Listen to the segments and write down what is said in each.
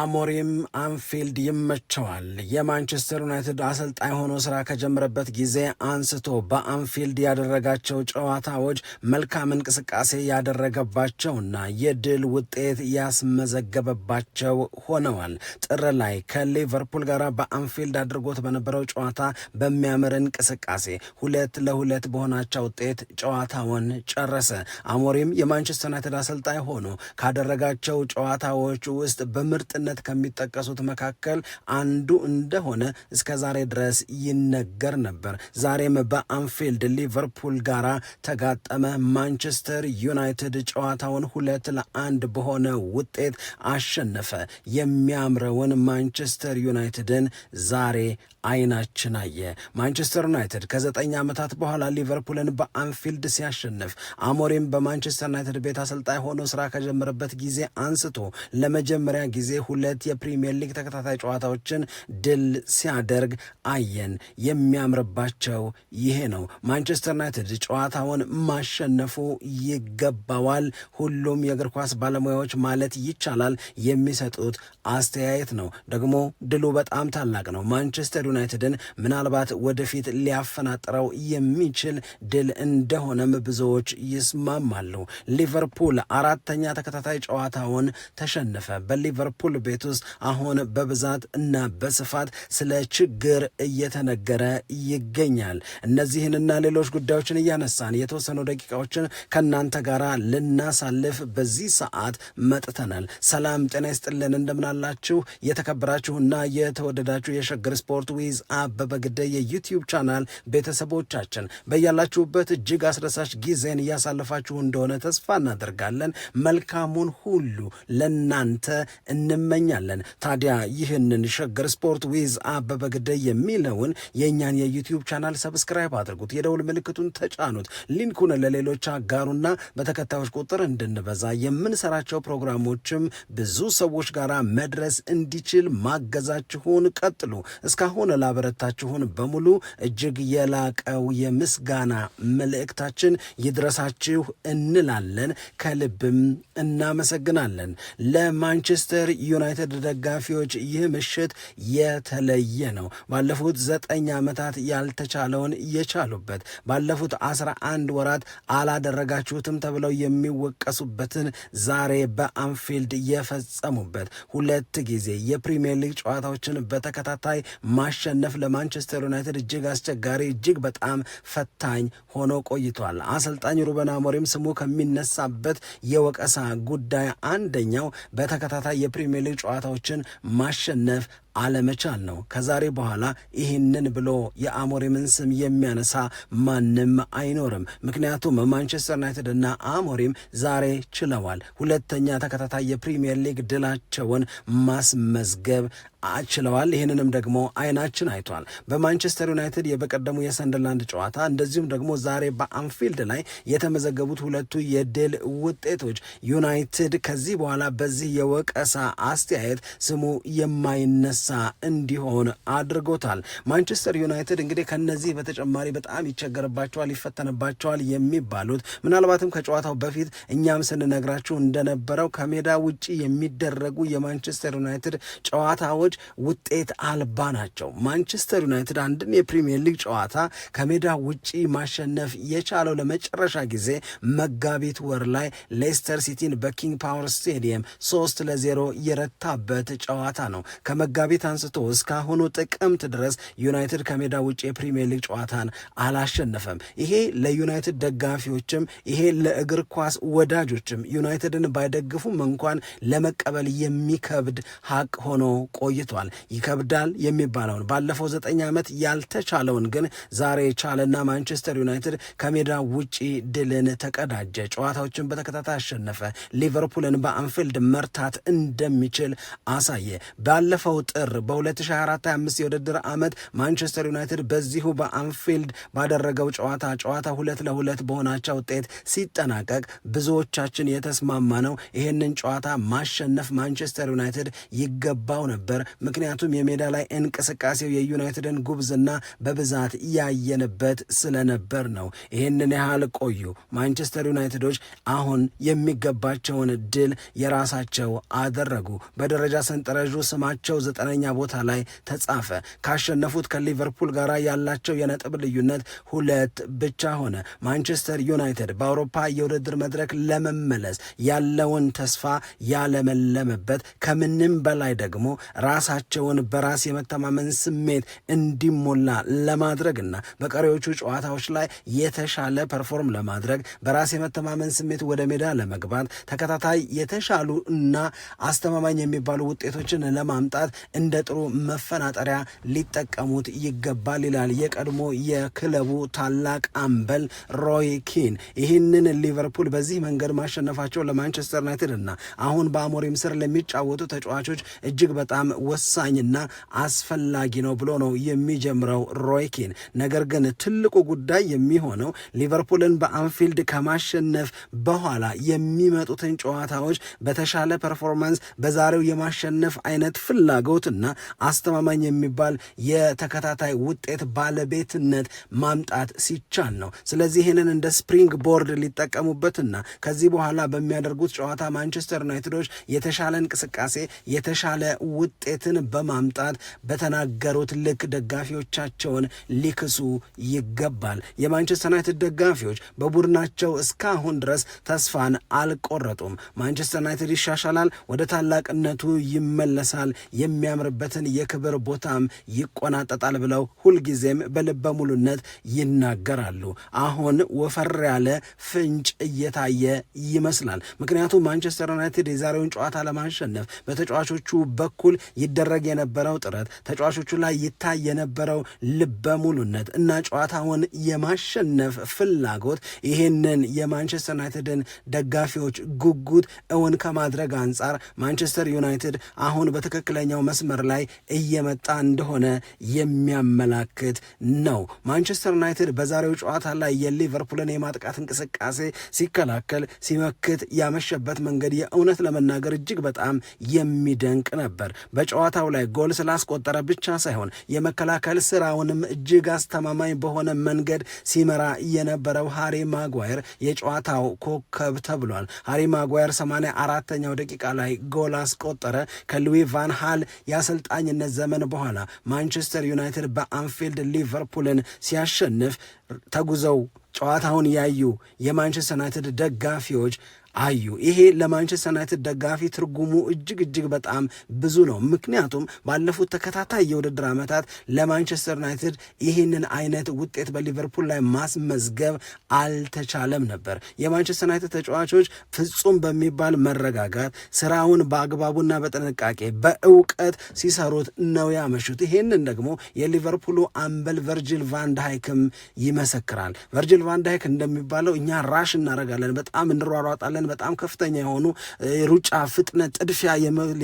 አሞሪም አንፊልድ ይመቸዋል። የማንቸስተር ዩናይትድ አሰልጣኝ ሆኖ ስራ ከጀመረበት ጊዜ አንስቶ በአንፊልድ ያደረጋቸው ጨዋታዎች መልካም እንቅስቃሴ ያደረገባቸውና የድል ውጤት ያስመዘገበባቸው ሆነዋል። ጥር ላይ ከሊቨርፑል ጋር በአንፊልድ አድርጎት በነበረው ጨዋታ በሚያምር እንቅስቃሴ ሁለት ለሁለት በሆናቸው ውጤት ጨዋታውን ጨረሰ። አሞሪም የማንቸስተር ዩናይትድ አሰልጣኝ ሆኖ ካደረጋቸው ጨዋታዎች ውስጥ በምርጥ በአብነትነት ከሚጠቀሱት መካከል አንዱ እንደሆነ እስከ ዛሬ ድረስ ይነገር ነበር። ዛሬም በአንፊልድ ሊቨርፑል ጋራ ተጋጠመ። ማንቸስተር ዩናይትድ ጨዋታውን ሁለት ለአንድ በሆነ ውጤት አሸነፈ። የሚያምረውን ማንቸስተር ዩናይትድን ዛሬ አይናችን አየ። ማንቸስተር ዩናይትድ ከዘጠኝ ዓመታት በኋላ ሊቨርፑልን በአንፊልድ ሲያሸንፍ አሞሪም በማንቸስተር ዩናይትድ ቤት አሰልጣኝ ሆኖ ስራ ከጀመረበት ጊዜ አንስቶ ለመጀመሪያ ጊዜ ሁለት የፕሪምየር ሊግ ተከታታይ ጨዋታዎችን ድል ሲያደርግ አየን። የሚያምርባቸው ይሄ ነው። ማንቸስተር ዩናይትድ ጨዋታውን ማሸነፉ ይገባዋል። ሁሉም የእግር ኳስ ባለሙያዎች ማለት ይቻላል የሚሰጡት አስተያየት ነው። ደግሞ ድሉ በጣም ታላቅ ነው። ማንቸስተር ዩናይትድን ምናልባት ወደፊት ሊያፈናጥረው የሚችል ድል እንደሆነም ብዙዎች ይስማማሉ። ሊቨርፑል አራተኛ ተከታታይ ጨዋታውን ተሸነፈ። በሊቨርፑል ቤት ውስጥ አሁን በብዛት እና በስፋት ስለ ችግር እየተነገረ ይገኛል። እነዚህንና ሌሎች ጉዳዮችን እያነሳን የተወሰኑ ደቂቃዎችን ከእናንተ ጋር ልናሳልፍ በዚህ ሰዓት መጥተናል። ሰላም ጤና ይስጥልን፣ እንደምናላችሁ የተከበራችሁና የተወደዳችሁ የሸገር ስፖርት ዊዝ አበበ ግደይ የዩትዩብ ቻናል ቤተሰቦቻችን በያላችሁበት እጅግ አስደሳች ጊዜን እያሳለፋችሁ እንደሆነ ተስፋ እናደርጋለን። መልካሙን ሁሉ ለናንተ እንም እንመኛለን። ታዲያ ይህንን ሸገር ስፖርት ዊዝ አበበ ግደይ የሚለውን የእኛን የዩትዩብ ቻናል ሰብስክራይብ አድርጉት፣ የደውል ምልክቱን ተጫኑት፣ ሊንኩን ለሌሎች አጋሩና በተከታዮች ቁጥር እንድንበዛ የምንሰራቸው ፕሮግራሞችም ብዙ ሰዎች ጋር መድረስ እንዲችል ማገዛችሁን ቀጥሉ። እስካሁን ላበረታችሁን በሙሉ እጅግ የላቀው የምስጋና መልእክታችን ይድረሳችሁ እንላለን። ከልብም እናመሰግናለን። ለማንቸስተር ዩ ዩናይትድ ደጋፊዎች ይህ ምሽት የተለየ ነው። ባለፉት ዘጠኝ ዓመታት ያልተቻለውን የቻሉበት፣ ባለፉት አስራ አንድ ወራት አላደረጋችሁትም ተብለው የሚወቀሱበትን ዛሬ በአንፊልድ የፈጸሙበት፣ ሁለት ጊዜ የፕሪሚየር ሊግ ጨዋታዎችን በተከታታይ ማሸነፍ ለማንቸስተር ዩናይትድ እጅግ አስቸጋሪ፣ እጅግ በጣም ፈታኝ ሆኖ ቆይቷል። አሰልጣኝ ሩበን አሞሪም ስሙ ከሚነሳበት የወቀሳ ጉዳይ አንደኛው በተከታታይ የፕሪምየር ትልልቅ ጨዋታዎችን ማሸነፍ አለመቻል ነው። ከዛሬ በኋላ ይህንን ብሎ የአሞሪምን ስም የሚያነሳ ማንም አይኖርም። ምክንያቱም ማንቸስተር ዩናይትድ እና አሞሪም ዛሬ ችለዋል። ሁለተኛ ተከታታይ የፕሪምየር ሊግ ድላቸውን ማስመዝገብ ችለዋል። ይህንንም ደግሞ አይናችን አይቷል። በማንቸስተር ዩናይትድ የበቀደሙ የሰንደርላንድ ጨዋታ እንደዚሁም ደግሞ ዛሬ በአንፊልድ ላይ የተመዘገቡት ሁለቱ የድል ውጤቶች ዩናይትድ ከዚህ በኋላ በዚህ የወቀሳ አስተያየት ስሙ የማይነሳ እንዲሆን አድርጎታል። ማንቸስተር ዩናይትድ እንግዲህ ከነዚህ በተጨማሪ በጣም ይቸገርባቸዋል፣ ይፈተንባቸዋል የሚባሉት ምናልባትም ከጨዋታው በፊት እኛም ስንነግራችሁ እንደነበረው ከሜዳ ውጭ የሚደረጉ የማንቸስተር ዩናይትድ ጨዋታዎች ውጤት አልባ ናቸው። ማንቸስተር ዩናይትድ አንድን የፕሪሚየር ሊግ ጨዋታ ከሜዳ ውጪ ማሸነፍ የቻለው ለመጨረሻ ጊዜ መጋቢት ወር ላይ ሌስተር ሲቲን በኪንግ ፓወር ስቴዲየም ሶስት ለዜሮ የረታበት ጨዋታ ነው። ከመጋ መጋቢት አንስቶ እስካሁኑ ጥቅምት ድረስ ዩናይትድ ከሜዳ ውጭ የፕሪሚየር ሊግ ጨዋታን አላሸነፈም። ይሄ ለዩናይትድ ደጋፊዎችም ይሄ ለእግር ኳስ ወዳጆችም ዩናይትድን ባይደግፉም እንኳን ለመቀበል የሚከብድ ሀቅ ሆኖ ቆይቷል። ይከብዳል የሚባለውን ባለፈው ዘጠኝ ዓመት ያልተቻለውን ግን ዛሬ ቻለና ማንቸስተር ዩናይትድ ከሜዳ ውጪ ድልን ተቀዳጀ። ጨዋታዎችን በተከታታይ አሸነፈ። ሊቨርፑልን በአንፊልድ መርታት እንደሚችል አሳየ። ባለፈው ጥር በ2024/25 የውድድር ዓመት ማንቸስተር ዩናይትድ በዚሁ በአንፊልድ ባደረገው ጨዋታ ጨዋታ ሁለት ለሁለት በሆናቸው ውጤት ሲጠናቀቅ ብዙዎቻችን የተስማማ ነው ይህንን ጨዋታ ማሸነፍ ማንቸስተር ዩናይትድ ይገባው ነበር። ምክንያቱም የሜዳ ላይ እንቅስቃሴው የዩናይትድን ጉብዝና በብዛት ያየንበት ስለነበር ነው። ይህንን ያህል ቆዩ። ማንቸስተር ዩናይትዶች አሁን የሚገባቸውን ድል የራሳቸው አደረጉ። በደረጃ ሰንጠረዡ ስማቸው ዘጠና ዘጠነኛ ቦታ ላይ ተጻፈ። ካሸነፉት ከሊቨርፑል ጋር ያላቸው የነጥብ ልዩነት ሁለት ብቻ ሆነ። ማንቸስተር ዩናይትድ በአውሮፓ የውድድር መድረክ ለመመለስ ያለውን ተስፋ ያለመለመበት ከምንም በላይ ደግሞ ራሳቸውን በራስ የመተማመን ስሜት እንዲሞላ ለማድረግና በቀሪዎቹ ጨዋታዎች ላይ የተሻለ ፐርፎርም ለማድረግ በራስ የመተማመን ስሜት ወደ ሜዳ ለመግባት ተከታታይ የተሻሉ እና አስተማማኝ የሚባሉ ውጤቶችን ለማምጣት እንደ ጥሩ መፈናጠሪያ ሊጠቀሙት ይገባል ይላል የቀድሞ የክለቡ ታላቅ አምበል ሮይ ኪን። ይህንን ሊቨርፑል በዚህ መንገድ ማሸነፋቸው ለማንቸስተር ዩናይትድ እና አሁን በአሞሪም ስር ለሚጫወቱ ተጫዋቾች እጅግ በጣም ወሳኝና አስፈላጊ ነው ብሎ ነው የሚጀምረው ሮይ ኪን። ነገር ግን ትልቁ ጉዳይ የሚሆነው ሊቨርፑልን በአንፊልድ ከማሸነፍ በኋላ የሚመጡትን ጨዋታዎች በተሻለ ፐርፎርማንስ በዛሬው የማሸነፍ አይነት ፍላጎት እና አስተማማኝ የሚባል የተከታታይ ውጤት ባለቤትነት ማምጣት ሲቻል ነው። ስለዚህ ይህንን እንደ ስፕሪንግ ቦርድ ሊጠቀሙበትና ከዚህ በኋላ በሚያደርጉት ጨዋታ ማንቸስተር ዩናይትዶች የተሻለ እንቅስቃሴ የተሻለ ውጤትን በማምጣት በተናገሩት ልክ ደጋፊዎቻቸውን ሊክሱ ይገባል። የማንቸስተር ዩናይትድ ደጋፊዎች በቡድናቸው እስካሁን ድረስ ተስፋን አልቆረጡም። ማንቸስተር ዩናይትድ ይሻሻላል፣ ወደ ታላቅነቱ ይመለሳል የሚያ የሚያምርበትን የክብር ቦታም ይቆናጠጣል ብለው ሁልጊዜም በልበ ሙሉነት ይናገራሉ። አሁን ወፈር ያለ ፍንጭ እየታየ ይመስላል። ምክንያቱም ማንቸስተር ዩናይትድ የዛሬውን ጨዋታ ለማሸነፍ በተጫዋቾቹ በኩል ይደረግ የነበረው ጥረት፣ ተጫዋቾቹ ላይ ይታይ የነበረው ልበ ሙሉነት እና ጨዋታውን የማሸነፍ ፍላጎት ይህንን የማንቸስተር ዩናይትድን ደጋፊዎች ጉጉት እውን ከማድረግ አንጻር ማንቸስተር ዩናይትድ አሁን በትክክለኛው መስመር መስመር ላይ እየመጣ እንደሆነ የሚያመላክት ነው። ማንቸስተር ዩናይትድ በዛሬው ጨዋታ ላይ የሊቨርፑልን የማጥቃት እንቅስቃሴ ሲከላከል ሲመክት ያመሸበት መንገድ የእውነት ለመናገር እጅግ በጣም የሚደንቅ ነበር። በጨዋታው ላይ ጎል ስላስቆጠረ ብቻ ሳይሆን የመከላከል ስራውንም እጅግ አስተማማኝ በሆነ መንገድ ሲመራ የነበረው ሃሪ ማጓየር የጨዋታው ኮከብ ተብሏል። ሃሪ ማጓየር ሰማንያ አራተኛው ደቂቃ ላይ ጎል አስቆጠረ። ከሉዊ ቫን ሃል የአሰልጣኝነት ዘመን በኋላ ማንቸስተር ዩናይትድ በአንፊልድ ሊቨርፑልን ሲያሸንፍ ተጉዘው ጨዋታውን ያዩ የማንቸስተር ዩናይትድ ደጋፊዎች አዩ። ይሄ ለማንቸስተር ዩናይትድ ደጋፊ ትርጉሙ እጅግ እጅግ በጣም ብዙ ነው። ምክንያቱም ባለፉት ተከታታይ የውድድር ዓመታት ለማንቸስተር ዩናይትድ ይህንን አይነት ውጤት በሊቨርፑል ላይ ማስመዝገብ አልተቻለም ነበር። የማንቸስተር ዩናይትድ ተጫዋቾች ፍጹም በሚባል መረጋጋት ስራውን በአግባቡና በጥንቃቄ በእውቀት ሲሰሩት ነው ያመሹት። ይህንን ደግሞ የሊቨርፑሉ አምበል ቫንድ ቫንዳይክም ይመሰክራል። ቨርጂል ቫንዳይክ እንደሚባለው እኛ ራሽ እናደርጋለን፣ በጣም እንሯሯጣለን በጣም ከፍተኛ የሆኑ ሩጫ፣ ፍጥነት፣ ጥድፊያ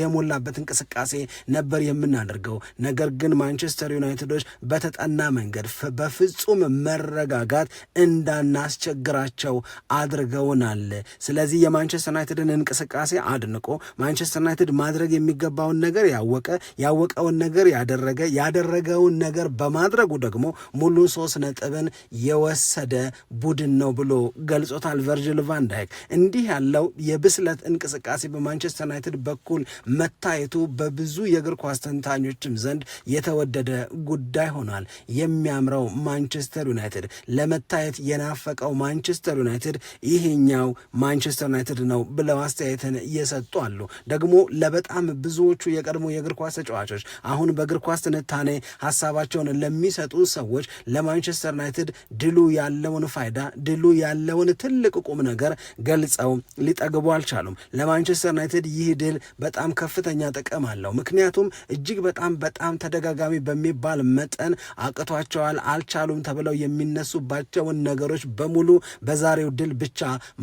የሞላበት እንቅስቃሴ ነበር የምናደርገው። ነገር ግን ማንቸስተር ዩናይትዶች በተጠና መንገድ በፍጹም መረጋጋት እንዳናስቸግራቸው አድርገውናል። ስለዚህ የማንቸስተር ዩናይትድን እንቅስቃሴ አድንቆ ማንቸስተር ዩናይትድ ማድረግ የሚገባውን ነገር ያወቀ ያወቀውን ነገር ያደረገ ያደረገውን ነገር በማድረጉ ደግሞ ሙሉ ሶስት ነጥብን የወሰደ ቡድን ነው ብሎ ገልጾታል ቨርጅል ቫን ዳይክ እንዲህ ያለው የብስለት እንቅስቃሴ በማንቸስተር ዩናይትድ በኩል መታየቱ በብዙ የእግር ኳስ ተንታኞችም ዘንድ የተወደደ ጉዳይ ሆኗል። የሚያምረው ማንቸስተር ዩናይትድ ለመታየት የናፈቀው ማንቸስተር ዩናይትድ ይሄኛው ማንቸስተር ዩናይትድ ነው ብለው አስተያየትን እየሰጡ አሉ። ደግሞ ለበጣም ብዙዎቹ የቀድሞ የእግር ኳስ ተጫዋቾች አሁን በእግር ኳስ ትንታኔ ሀሳባቸውን ለሚሰጡ ሰዎች ለማንቸስተር ዩናይትድ ድሉ ያለውን ፋይዳ ድሉ ያለውን ትልቅ ቁም ነገር ገልጸው ሊጠግቡ አልቻሉም። ለማንቸስተር ዩናይትድ ይህ ድል በጣም ከፍተኛ ጥቅም አለው። ምክንያቱም እጅግ በጣም በጣም ተደጋጋሚ በሚባል መጠን አቅቷቸዋል፣ አልቻሉም ተብለው የሚነሱባቸውን ነገሮች በሙሉ በዛሬው ድል ብቻ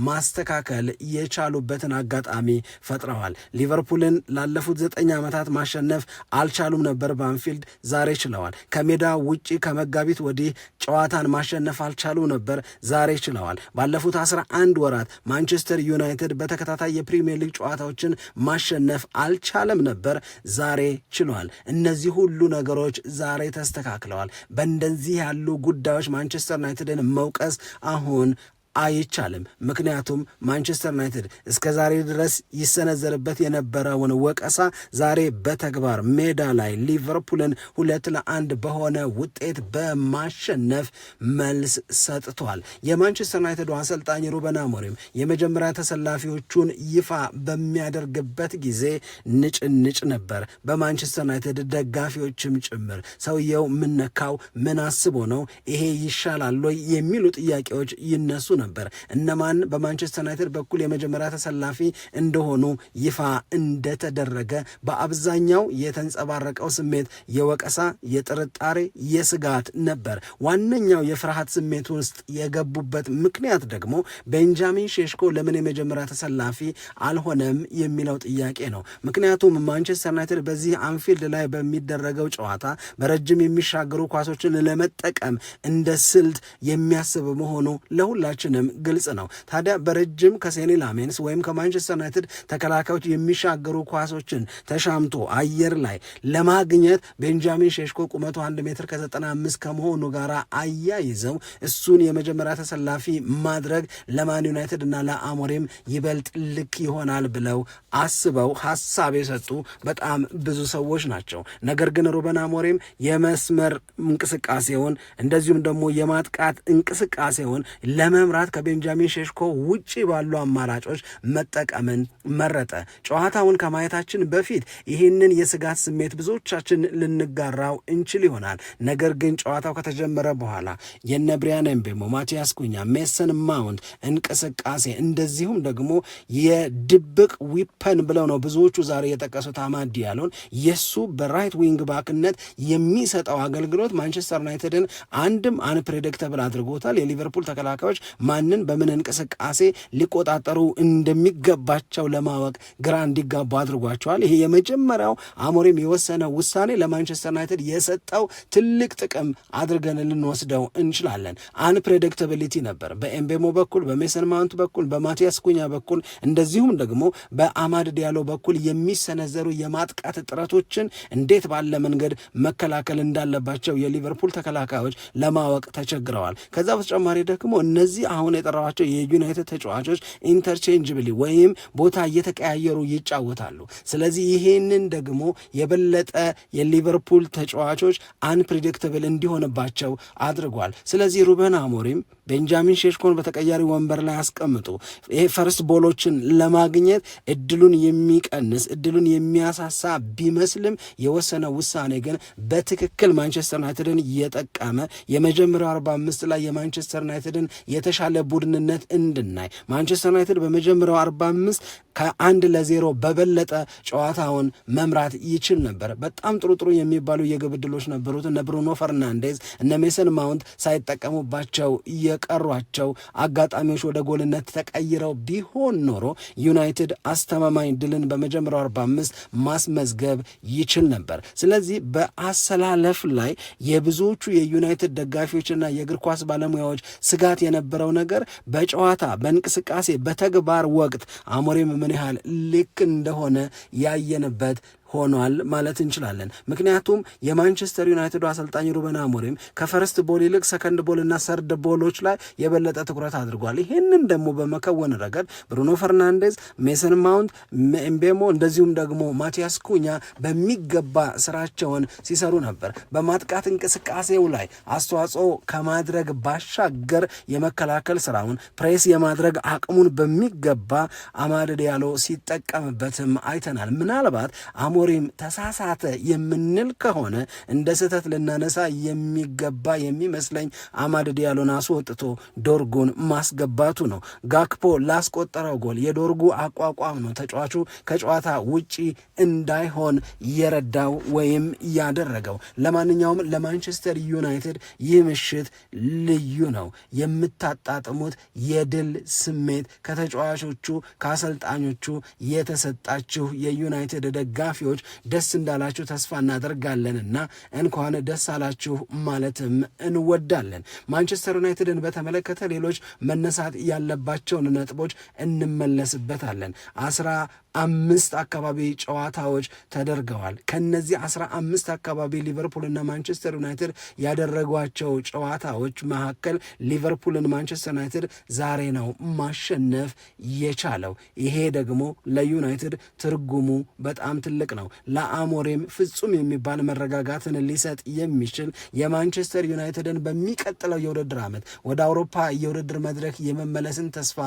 ማስተካከል የቻሉበትን አጋጣሚ ፈጥረዋል። ሊቨርፑልን ላለፉት ዘጠኝ ዓመታት ማሸነፍ አልቻሉም ነበር በአንፊልድ፣ ዛሬ ችለዋል። ከሜዳ ውጪ ከመጋቢት ወዲህ ጨዋታን ማሸነፍ አልቻሉም ነበር፣ ዛሬ ችለዋል። ባለፉት አስራ አንድ ወራት ማንቸስተር ዩናይትድ በተከታታይ የፕሪምየር ሊግ ጨዋታዎችን ማሸነፍ አልቻለም ነበር፣ ዛሬ ችሏል። እነዚህ ሁሉ ነገሮች ዛሬ ተስተካክለዋል። በእንደዚህ ያሉ ጉዳዮች ማንቸስተር ዩናይትድን መውቀስ አሁን አይቻልም። ምክንያቱም ማንቸስተር ዩናይትድ እስከ ዛሬ ድረስ ይሰነዘርበት የነበረውን ወቀሳ ዛሬ በተግባር ሜዳ ላይ ሊቨርፑልን ሁለት ለአንድ በሆነ ውጤት በማሸነፍ መልስ ሰጥቷል። የማንቸስተር ዩናይትዱ አሰልጣኝ ሩበን አሞሪም የመጀመሪያ ተሰላፊዎቹን ይፋ በሚያደርግበት ጊዜ ንጭንጭ ነበር፣ በማንቸስተር ዩናይትድ ደጋፊዎችም ጭምር። ሰውየው ምነካው? ምን አስቦ ነው? ይሄ ይሻላል ወይ የሚሉ ጥያቄዎች ይነሱ ነበር። እነማን በማንቸስተር ዩናይትድ በኩል የመጀመሪያ ተሰላፊ እንደሆኑ ይፋ እንደተደረገ በአብዛኛው የተንጸባረቀው ስሜት የወቀሳ፣ የጥርጣሬ፣ የስጋት ነበር። ዋነኛው የፍርሃት ስሜት ውስጥ የገቡበት ምክንያት ደግሞ ቤንጃሚን ሼሽኮ ለምን የመጀመሪያ ተሰላፊ አልሆነም የሚለው ጥያቄ ነው። ምክንያቱም ማንቸስተር ዩናይትድ በዚህ አንፊልድ ላይ በሚደረገው ጨዋታ በረጅም የሚሻገሩ ኳሶችን ለመጠቀም እንደ ስልት የሚያስብ መሆኑ ለሁላችን መውሰድንም ግልጽ ነው። ታዲያ በረጅም ከሴኒ ላሜንስ ወይም ከማንቸስተር ዩናይትድ ተከላካዮች የሚሻገሩ ኳሶችን ተሻምቶ አየር ላይ ለማግኘት ቤንጃሚን ሼሽኮ ቁመቱ 1 ሜትር ከ95 ከመሆኑ ጋር አያይዘው እሱን የመጀመሪያ ተሰላፊ ማድረግ ለማን ዩናይትድ እና ለአሞሪም ይበልጥ ልክ ይሆናል ብለው አስበው ሀሳብ የሰጡ በጣም ብዙ ሰዎች ናቸው። ነገር ግን ሩበን አሞሪም የመስመር እንቅስቃሴውን እንደዚሁም ደግሞ የማጥቃት እንቅስቃሴውን ለመምራት ስርዓት ከቤንጃሚን ሼሽኮ ውጪ ባሉ አማራጮች መጠቀምን መረጠ። ጨዋታውን ከማየታችን በፊት ይህንን የስጋት ስሜት ብዙዎቻችን ልንጋራው እንችል ይሆናል። ነገር ግን ጨዋታው ከተጀመረ በኋላ የነ ብሪያን ምቤሞ፣ ማቲያስ ኩኛ፣ ሜሰን ማውንት እንቅስቃሴ እንደዚሁም ደግሞ የድብቅ ዊፐን ብለው ነው ብዙዎቹ ዛሬ የጠቀሱት አማድ ዲያሎን የእሱ በራይት ዊንግ ባክነት የሚሰጠው አገልግሎት ማንቸስተር ዩናይትድን አንድም አንፕሬዲክተብል አድርጎታል። የሊቨርፑል ተከላካዮች ማንን በምን እንቅስቃሴ ሊቆጣጠሩ እንደሚገባቸው ለማወቅ ግራ እንዲጋቡ አድርጓቸዋል። ይሄ የመጀመሪያው አሞሪም የወሰነው ውሳኔ ለማንቸስተር ዩናይትድ የሰጠው ትልቅ ጥቅም አድርገን ልንወስደው እንችላለን። አንፕሬዲክታብሊቲ ነበር በኤምቤሞ በኩል በሜሰን ማውንት በኩል በማቲያስ ኩኛ በኩል እንደዚሁም ደግሞ በአማድ ዲያሎ በኩል የሚሰነዘሩ የማጥቃት ጥረቶችን እንዴት ባለ መንገድ መከላከል እንዳለባቸው የሊቨርፑል ተከላካዮች ለማወቅ ተቸግረዋል። ከዛ በተጨማሪ ደግሞ እነዚህ አሁን የጠራኋቸው የዩናይትድ ተጫዋቾች ኢንተርቼንጅብሊ ወይም ቦታ እየተቀያየሩ ይጫወታሉ። ስለዚህ ይሄንን ደግሞ የበለጠ የሊቨርፑል ተጫዋቾች አንፕሪዲክትብል እንዲሆንባቸው አድርጓል። ስለዚህ ሩበን አሞሪም ቤንጃሚን ሼሽኮን በተቀያሪ ወንበር ላይ አስቀምጡ። ይሄ ፈርስት ቦሎችን ለማግኘት እድሉን የሚቀንስ እድሉን የሚያሳሳ ቢመስልም የወሰነ ውሳኔ ግን በትክክል ማንቸስተር ዩናይትድን እየጠቀመ የመጀመሪያው 45 ላይ የማንቸስተር ዩናይትድን የተሻለ ለቡድንነት እንድናይ ማንቸስተር ዩናይትድ በመጀመሪያው 45 ከአንድ ለዜሮ በበለጠ ጨዋታውን መምራት ይችል ነበር። በጣም ጥሩ ጥሩ የሚባሉ የግብ ዕድሎች ነበሩት። እነ ብሩኖ ፈርናንዴዝ እነ ሜሰን ማውንት ሳይጠቀሙባቸው የቀሯቸው አጋጣሚዎች ወደ ጎልነት ተቀይረው ቢሆን ኖሮ ዩናይትድ አስተማማኝ ድልን በመጀመሪያው 45 ማስመዝገብ ይችል ነበር። ስለዚህ በአሰላለፍ ላይ የብዙዎቹ የዩናይትድ ደጋፊዎችና የእግር ኳስ ባለሙያዎች ስጋት የነበረው የሚባለው ነገር በጨዋታ በእንቅስቃሴ በተግባር ወቅት አሞሪም ምን ያህል ልክ እንደሆነ ያየንበት ሆኗል ማለት እንችላለን። ምክንያቱም የማንቸስተር ዩናይትዱ አሰልጣኝ ሩበን አሞሪም ከፈርስት ቦል ይልቅ ሰከንድ ቦልና ሰርድ ቦሎች ላይ የበለጠ ትኩረት አድርጓል። ይህንን ደግሞ በመከወን ረገድ ብሩኖ ፈርናንዴዝ፣ ሜሰን ማውንት፣ ኤምቤሞ እንደዚሁም ደግሞ ማቲያስ ኩኛ በሚገባ ስራቸውን ሲሰሩ ነበር። በማጥቃት እንቅስቃሴው ላይ አስተዋጽኦ ከማድረግ ባሻገር የመከላከል ስራውን ፕሬስ የማድረግ አቅሙን በሚገባ አማድ ዲያሎ ሲጠቀምበትም አይተናል። ምናልባት አሞሪም ተሳሳተ የምንል ከሆነ እንደ ስህተት ልናነሳ የሚገባ የሚመስለኝ አማድ ዲያሎን አስወጥቶ ዶርጉን ማስገባቱ ነው። ጋክፖ ላስቆጠረው ጎል የዶርጉ አቋቋም ነው ተጫዋቹ ከጨዋታ ውጪ እንዳይሆን የረዳው ወይም ያደረገው። ለማንኛውም ለማንቸስተር ዩናይትድ ይህ ምሽት ልዩ ነው። የምታጣጥሙት የድል ስሜት ከተጫዋቾቹ ከአሰልጣኞቹ የተሰጣችሁ የዩናይትድ ደጋፊዎች ደጋፊዎች ደስ እንዳላችሁ ተስፋ እናደርጋለንና እንኳን ደስ አላችሁ ማለትም እንወዳለን። ማንቸስተር ዩናይትድን በተመለከተ ሌሎች መነሳት ያለባቸውን ነጥቦች እንመለስበታለን። አስራ አምስት አካባቢ ጨዋታዎች ተደርገዋል። ከነዚህ አስራ አምስት አካባቢ ሊቨርፑልና ማንቸስተር ዩናይትድ ያደረጓቸው ጨዋታዎች መካከል ሊቨርፑልን ማንቸስተር ዩናይትድ ዛሬ ነው ማሸነፍ የቻለው። ይሄ ደግሞ ለዩናይትድ ትርጉሙ በጣም ትልቅ ነው። ለአሞሬም ፍጹም የሚባል መረጋጋትን ሊሰጥ የሚችል የማንቸስተር ዩናይትድን በሚቀጥለው የውድድር ዓመት ወደ አውሮፓ የውድድር መድረክ የመመለስን ተስፋ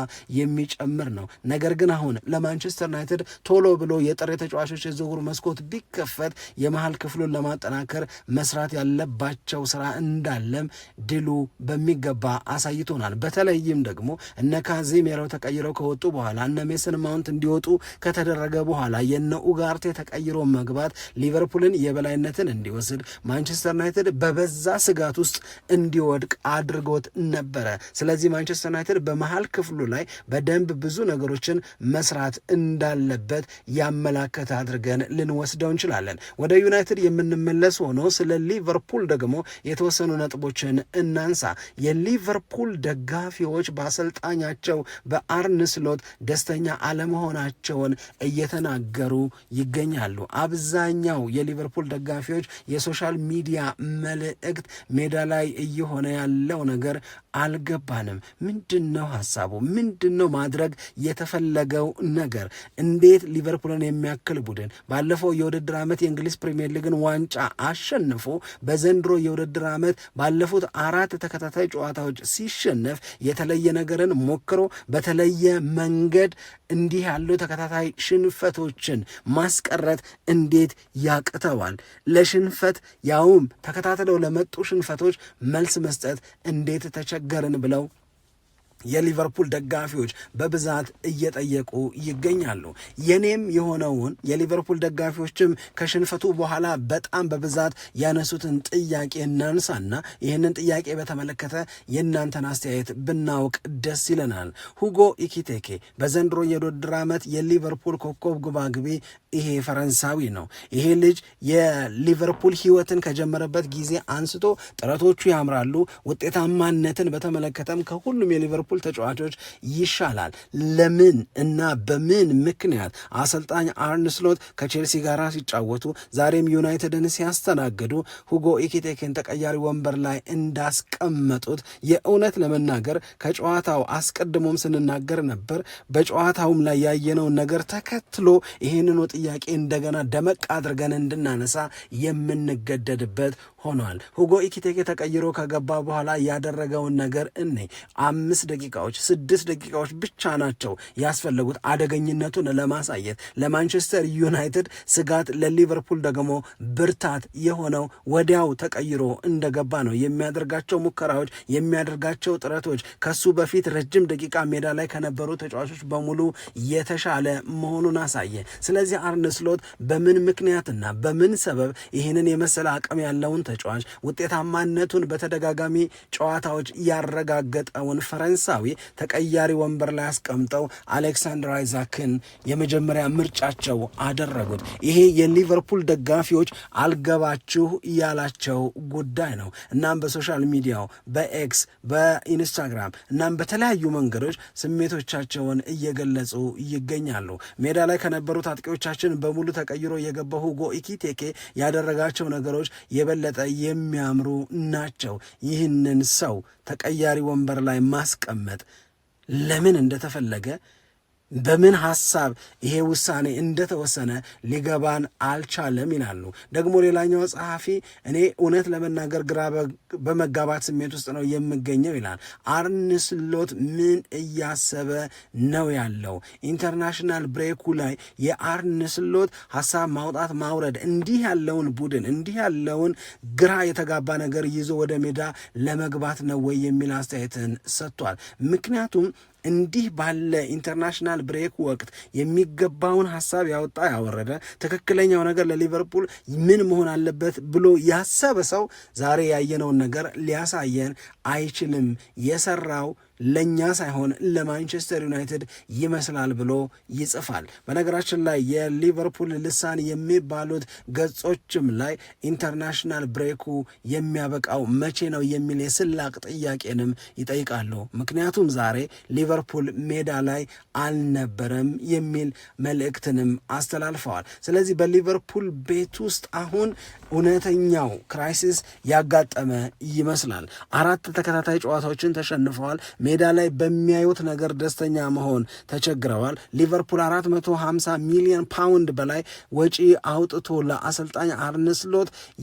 የሚጨምር ነው። ነገር ግን አሁን ለማንቸስተር ዩናይትድ ዩናይትድ ቶሎ ብሎ የጥሬ ተጫዋቾች የዝውውር መስኮት ቢከፈት የመሀል ክፍሉን ለማጠናከር መስራት ያለባቸው ስራ እንዳለም ድሉ በሚገባ አሳይቶናል። በተለይም ደግሞ እነ ካዚሜሮ ተቀይረው ከወጡ በኋላ እነ ሜሰን ማውንት እንዲወጡ ከተደረገ በኋላ የነ ኡጋርቴ ተቀይሮ መግባት ሊቨርፑልን የበላይነትን እንዲወስድ ማንቸስተር ዩናይትድ በበዛ ስጋት ውስጥ እንዲወድቅ አድርጎት ነበረ። ስለዚህ ማንቸስተር ዩናይትድ በመሀል ክፍሉ ላይ በደንብ ብዙ ነገሮችን መስራት እንዳለ እንዳለበት ያመላከት አድርገን ልንወስደው እንችላለን። ወደ ዩናይትድ የምንመለስ ሆኖ ስለ ሊቨርፑል ደግሞ የተወሰኑ ነጥቦችን እናንሳ። የሊቨርፑል ደጋፊዎች በአሰልጣኛቸው በአርነ ስሎት ደስተኛ አለመሆናቸውን እየተናገሩ ይገኛሉ። አብዛኛው የሊቨርፑል ደጋፊዎች የሶሻል ሚዲያ መልእክት ሜዳ ላይ እየሆነ ያለው ነገር አልገባንም። ምንድን ነው ሀሳቡ? ምንድን ነው ማድረግ የተፈለገው ነገር? እንዴት ሊቨርፑልን የሚያክል ቡድን ባለፈው የውድድር ዓመት የእንግሊዝ ፕሪምየር ሊግን ዋንጫ አሸንፎ በዘንድሮ የውድድር ዓመት ባለፉት አራት ተከታታይ ጨዋታዎች ሲሸነፍ የተለየ ነገርን ሞክሮ በተለየ መንገድ እንዲህ ያሉ ተከታታይ ሽንፈቶችን ማስቀረት እንዴት ያቅተዋል? ለሽንፈት ያውም ተከታትለው ለመጡ ሽንፈቶች መልስ መስጠት እንዴት ተቸገርን ብለው የሊቨርፑል ደጋፊዎች በብዛት እየጠየቁ ይገኛሉ። የኔም የሆነውን የሊቨርፑል ደጋፊዎችም ከሽንፈቱ በኋላ በጣም በብዛት ያነሱትን ጥያቄ እናንሳና ይህንን ጥያቄ በተመለከተ የእናንተን አስተያየት ብናውቅ ደስ ይለናል። ሁጎ ኢኪቴኬ በዘንድሮ የውድድር ዓመት የሊቨርፑል ኮከብ ጉባግቢ ይሄ ፈረንሳዊ ነው። ይሄ ልጅ የሊቨርፑል ህይወትን ከጀመረበት ጊዜ አንስቶ ጥረቶቹ ያምራሉ። ውጤታማነትን በተመለከተም ከሁሉም የሊቨርፑል ተጫዋቾች ይሻላል። ለምን እና በምን ምክንያት አሰልጣኝ አርን ስሎት ከቼልሲ ጋር ሲጫወቱ ዛሬም ዩናይትድን ሲያስተናግዱ ሁጎ ኢኪቴኬን ተቀያሪ ወንበር ላይ እንዳስቀመጡት የእውነት ለመናገር ከጨዋታው አስቀድሞም ስንናገር ነበር። በጨዋታውም ላይ ያየነውን ነገር ተከትሎ ይህንን ጥያቄ እንደገና ደመቅ አድርገን እንድናነሳ የምንገደድበት ሆኗል። ሁጎ ኢኪቴኬ ተቀይሮ ከገባ በኋላ ያደረገውን ነገር እኔ አምስት ደቂቃዎች ስድስት ደቂቃዎች ብቻ ናቸው ያስፈለጉት አደገኝነቱን ለማሳየት ለማንቸስተር ዩናይትድ ስጋት፣ ለሊቨርፑል ደግሞ ብርታት የሆነው ወዲያው ተቀይሮ እንደገባ ነው። የሚያደርጋቸው ሙከራዎች የሚያደርጋቸው ጥረቶች ከሱ በፊት ረጅም ደቂቃ ሜዳ ላይ ከነበሩ ተጫዋቾች በሙሉ የተሻለ መሆኑን አሳየ። ስለዚህ አርነ ስሎት በምን ምክንያትና በምን ሰበብ ይህንን የመሰለ አቅም ያለውን ተጫዋች ውጤታማነቱን በተደጋጋሚ ጨዋታዎች ያረጋገጠውን ፈረንሳዊ ተቀያሪ ወንበር ላይ አስቀምጠው አሌክሳንድር አይዛክን የመጀመሪያ ምርጫቸው አደረጉት። ይሄ የሊቨርፑል ደጋፊዎች አልገባችሁ ያላቸው ጉዳይ ነው። እናም በሶሻል ሚዲያው በኤክስ በኢንስታግራም እናም በተለያዩ መንገዶች ስሜቶቻቸውን እየገለጹ ይገኛሉ። ሜዳ ላይ ከነበሩት አጥቂዎቻችን በሙሉ ተቀይሮ የገባው ሁጎ ኢኪቴኬ ያደረጋቸው ነገሮች የበለጠ የሚያምሩ ናቸው። ይህንን ሰው ተቀያሪ ወንበር ላይ ማስቀመጥ ለምን እንደተፈለገ በምን ሐሳብ ይሄ ውሳኔ እንደተወሰነ ሊገባን አልቻለም ይላሉ። ደግሞ ሌላኛው ጸሐፊ እኔ እውነት ለመናገር ግራ በመጋባት ስሜት ውስጥ ነው የምገኘው ይላል። አርነ ስሎት ምን እያሰበ ነው ያለው? ኢንተርናሽናል ብሬኩ ላይ የአርነ ስሎት ሐሳብ ማውጣት ማውረድ፣ እንዲህ ያለውን ቡድን እንዲህ ያለውን ግራ የተጋባ ነገር ይዞ ወደ ሜዳ ለመግባት ነው ወይ የሚል አስተያየትን ሰጥቷል። ምክንያቱም እንዲህ ባለ ኢንተርናሽናል ብሬክ ወቅት የሚገባውን ሀሳብ ያወጣ ያወረደ፣ ትክክለኛው ነገር ለሊቨርፑል ምን መሆን አለበት ብሎ ያሰበ ሰው ዛሬ ያየነውን ነገር ሊያሳየን አይችልም። የሰራው ለእኛ ሳይሆን ለማንቸስተር ዩናይትድ ይመስላል ብሎ ይጽፋል። በነገራችን ላይ የሊቨርፑል ልሳን የሚባሉት ገጾችም ላይ ኢንተርናሽናል ብሬኩ የሚያበቃው መቼ ነው የሚል የስላቅ ጥያቄንም ይጠይቃሉ። ምክንያቱም ዛሬ ሊቨርፑል ሜዳ ላይ አልነበረም የሚል መልእክትንም አስተላልፈዋል። ስለዚህ በሊቨርፑል ቤት ውስጥ አሁን እውነተኛው ክራይሲስ ያጋጠመ ይመስላል። አራት ተከታታይ ጨዋታዎችን ተሸንፈዋል። ሜዳ ላይ በሚያዩት ነገር ደስተኛ መሆን ተቸግረዋል። ሊቨርፑል 450 ሚሊዮን ፓውንድ በላይ ወጪ አውጥቶ ለአሰልጣኝ አርነ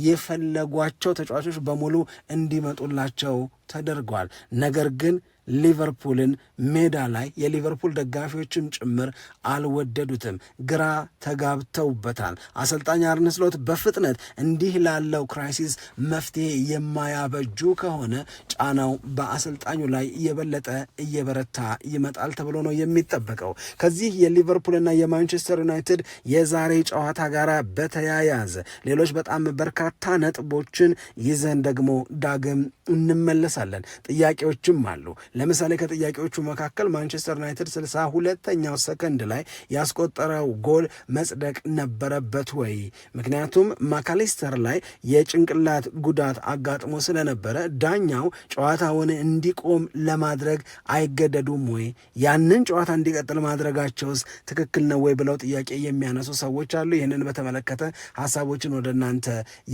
የፈለጓቸው ተጫዋቾች በሙሉ እንዲመጡላቸው ተደርጓል። ነገር ግን ሊቨርፑልን ሜዳ ላይ የሊቨርፑል ደጋፊዎችም ጭምር አልወደዱትም፣ ግራ ተጋብተውበታል። አሰልጣኝ አርነ ስሎት በፍጥነት እንዲህ ላለው ክራይሲስ መፍትሄ የማያበጁ ከሆነ ጫናው በአሰልጣኙ ላይ እየበለጠ እየበረታ ይመጣል ተብሎ ነው የሚጠበቀው። ከዚህ የሊቨርፑልና የማንቸስተር ዩናይትድ የዛሬ ጨዋታ ጋር በተያያዘ ሌሎች በጣም በርካታ ነጥቦችን ይዘን ደግሞ ዳግም እንመለሳለን። ጥያቄዎችም አሉ። ለምሳሌ ከጥያቄዎቹ መካከል ማንቸስተር ዩናይትድ ስልሳ ሁለተኛው ሰከንድ ላይ ያስቆጠረው ጎል መጽደቅ ነበረበት ወይ? ምክንያቱም ማካሊስተር ላይ የጭንቅላት ጉዳት አጋጥሞ ስለነበረ ዳኛው ጨዋታውን እንዲቆም ለማድረግ አይገደዱም ወይ? ያንን ጨዋታ እንዲቀጥል ማድረጋቸውስ ትክክል ነው ወይ ብለው ጥያቄ የሚያነሱ ሰዎች አሉ። ይህንን በተመለከተ ሀሳቦችን ወደ እናንተ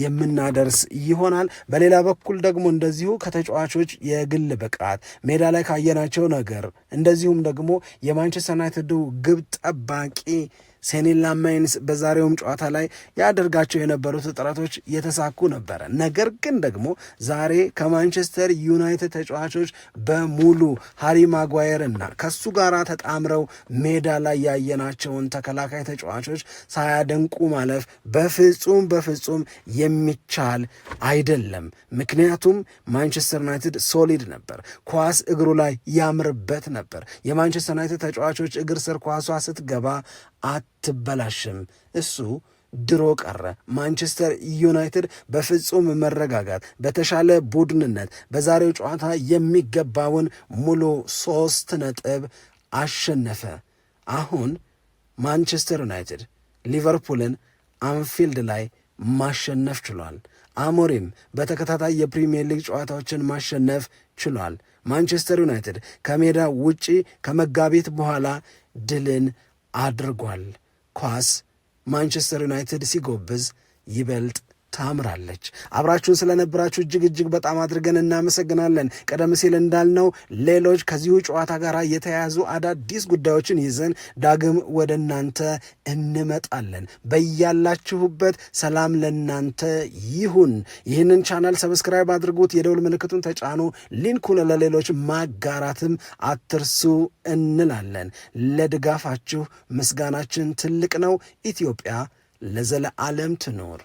የምናደርስ ይሆናል። በሌላ በኩል ደግሞ እንደዚሁ ከተጫዋቾች የግል ብቃት ሜዳ ሜዳ ላይ ካየናቸው ነገር እንደዚሁም ደግሞ የማንቸስተር ዩናይትዱ ግብ ጠባቂ ሴኔን ላማይንስ በዛሬውም ጨዋታ ላይ ያደርጋቸው የነበሩት ጥረቶች የተሳኩ ነበረ። ነገር ግን ደግሞ ዛሬ ከማንቸስተር ዩናይትድ ተጫዋቾች በሙሉ ሃሪ ማጓየርና ከሱ ጋር ተጣምረው ሜዳ ላይ ያየናቸውን ተከላካይ ተጫዋቾች ሳያደንቁ ማለፍ በፍጹም በፍጹም የሚቻል አይደለም። ምክንያቱም ማንቸስተር ዩናይትድ ሶሊድ ነበር። ኳስ እግሩ ላይ ያምርበት ነበር። የማንቸስተር ዩናይትድ ተጫዋቾች እግር ስር ኳሷ ስትገባ አትበላሽም። እሱ ድሮ ቀረ። ማንቸስተር ዩናይትድ በፍጹም መረጋጋት በተሻለ ቡድንነት በዛሬው ጨዋታ የሚገባውን ሙሉ ሶስት ነጥብ አሸነፈ። አሁን ማንቸስተር ዩናይትድ ሊቨርፑልን አንፊልድ ላይ ማሸነፍ ችሏል። አሞሪም በተከታታይ የፕሪምየር ሊግ ጨዋታዎችን ማሸነፍ ችሏል። ማንቸስተር ዩናይትድ ከሜዳ ውጪ ከመጋቢት በኋላ ድልን አድርጓል። ኳስ ማንቸስተር ዩናይትድ ሲጎብዝ ይበልጥ ታምራለች። አብራችሁን ስለነበራችሁ እጅግ እጅግ በጣም አድርገን እናመሰግናለን። ቀደም ሲል እንዳልነው ሌሎች ከዚሁ ጨዋታ ጋር የተያያዙ አዳዲስ ጉዳዮችን ይዘን ዳግም ወደ እናንተ እንመጣለን። በያላችሁበት ሰላም ለእናንተ ይሁን። ይህንን ቻናል ሰብስክራይብ አድርጉት፣ የደውል ምልክቱን ተጫኑ፣ ሊንኩን ለሌሎች ማጋራትም አትርሱ እንላለን። ለድጋፋችሁ ምስጋናችን ትልቅ ነው። ኢትዮጵያ ለዘለዓለም ትኑር።